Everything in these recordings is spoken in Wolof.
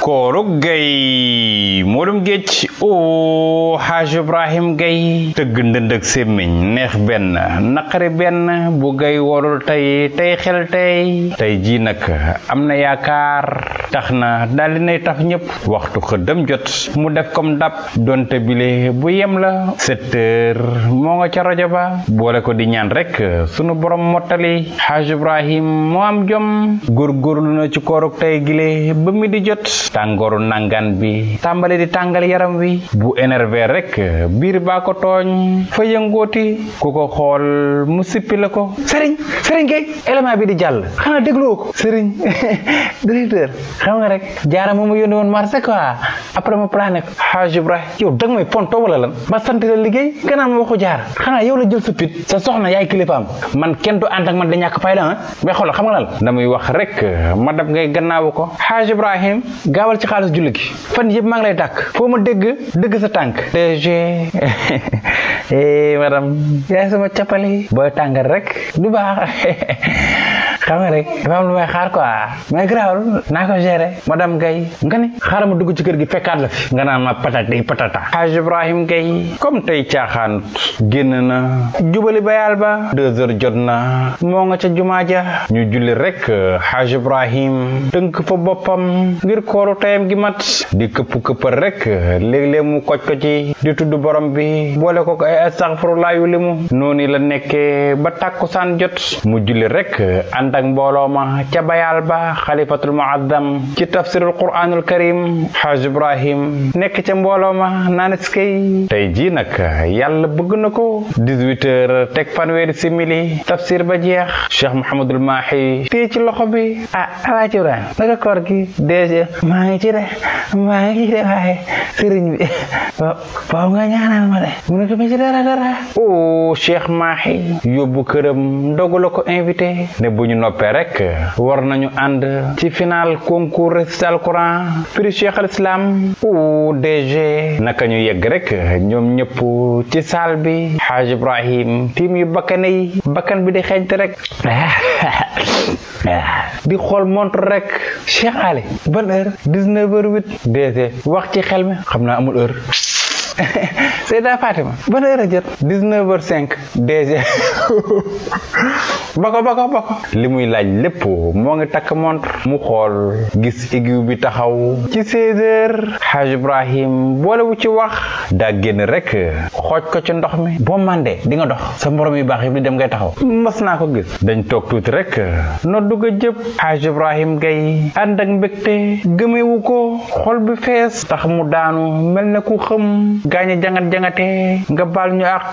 kooro gay modum géej o oh, haj ibrahim gay tëgg ndëndëg sémmiñ neex benn naqari benn bu gay warul tay tay xel tay tay ji nag am na yaakaar tax na daldi nay taf ñëpp waxtu xëddam jot mu def comme dab donte bile bu yem la sept heures moo nga ca rajo ba boole ko di ñaan rek sunu borom mottali haj ibrahim moo am jom góorgóorlu na ci kooruk tey gile ba mi di jot tanggoro nangan bi tambale di tangal yaram wi bu énervé rek bir ba ko togn fa yengoti ku ko xool mu sippi la ko sëriñ sëriñ kay élément bi di jall xana dégloo ko serign directeur xam nga rek jaara mo ma yónni marché quoi après mo plané ko ibrahim yow dag may ponto wala lan ba sante la liggéey gannaaw mo waxu jaar xana yow la jël supit sa soxna yaay clipam man kenn du ànd ak man da ñak fayda ah be xol xam nga lan damay wax rek ma dab ngay gannaaw ko haj ibrahim gaawal ci xaalis julli fan yëpp maa ngi lay tàkk foo ma dëgg dëgg sa tànk dg eh, madame yaay sama cappali booy tàngal rek du baax xam nga rek dafa am lu may xaar quoi mais grawul naa ko gérer madame Gaye nga ni xaaral dugg ci kër gi fekkaat la fi nga naan ma patata Ibrahim Kay, comme tey caaxaan génn na jubali bayal ba deux heures jot na moo nga ca jumaa ñu julli rek Haj Ibrahim tënk fa boppam ngir kooru tayam gi mat di këpp këppal rek léeg-léeg mu koj ko ci di tudd borom bi boole ko ay astaghfirullah yu limu noonu la nekkee ba tàkkusaan jot mu ànd ak mbooloo ma ca bayaal ba xalifatul muazzam ci tafsirul quraanul karim xaaj ibrahim nekk ca mbooloo ma naan eskay tey jii nag yàlla bëgg na ko 18 heures teg si simili tafsir ba jeex cheikh mohamadul maaxi téye ci loxo bi ah alaaji ibrahim naka koor ci de maa ngi ci de waaye sëriñ bi ma ci oh, maaxi yóbbu këram ndogu la noppee rek war nañu ànd ci final concours récital Coran prix Cheikh al Islam UDG naka ñu yegg rek ñoom ñëpp ci saal bi Xaaj Ibrahim tiim yu bakkane yi bakkan bi di xeeñte rek di xool montre rek Cheikh Ali ban heure dix-neuf heures huit DG ci xel mi xam naa amul heure Seyda Fatima ban heure a jot dix-neuf heures cinq déjà bako bako bako li muy laaj lépp moo ngi takk montre mu xool gis aiguille bi taxaw ci seize heures Haj Ibrahim boolewu ci wax daa génn rek xooj ko ci ndox mi boo màndee di nga dox sa morom yu baax yëpp di dem ngay taxaw mës naa ko gis dañ toog tuuti rek no dugg a jëpp Haj Ibrahim gay ànd ak mbégte gëmewu ko xool bi fees tax mu daanu mel na ku xëm gaa gaañe jangat jangate nga bal ñu àq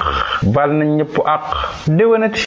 baal nañ ñëpp àq déwénati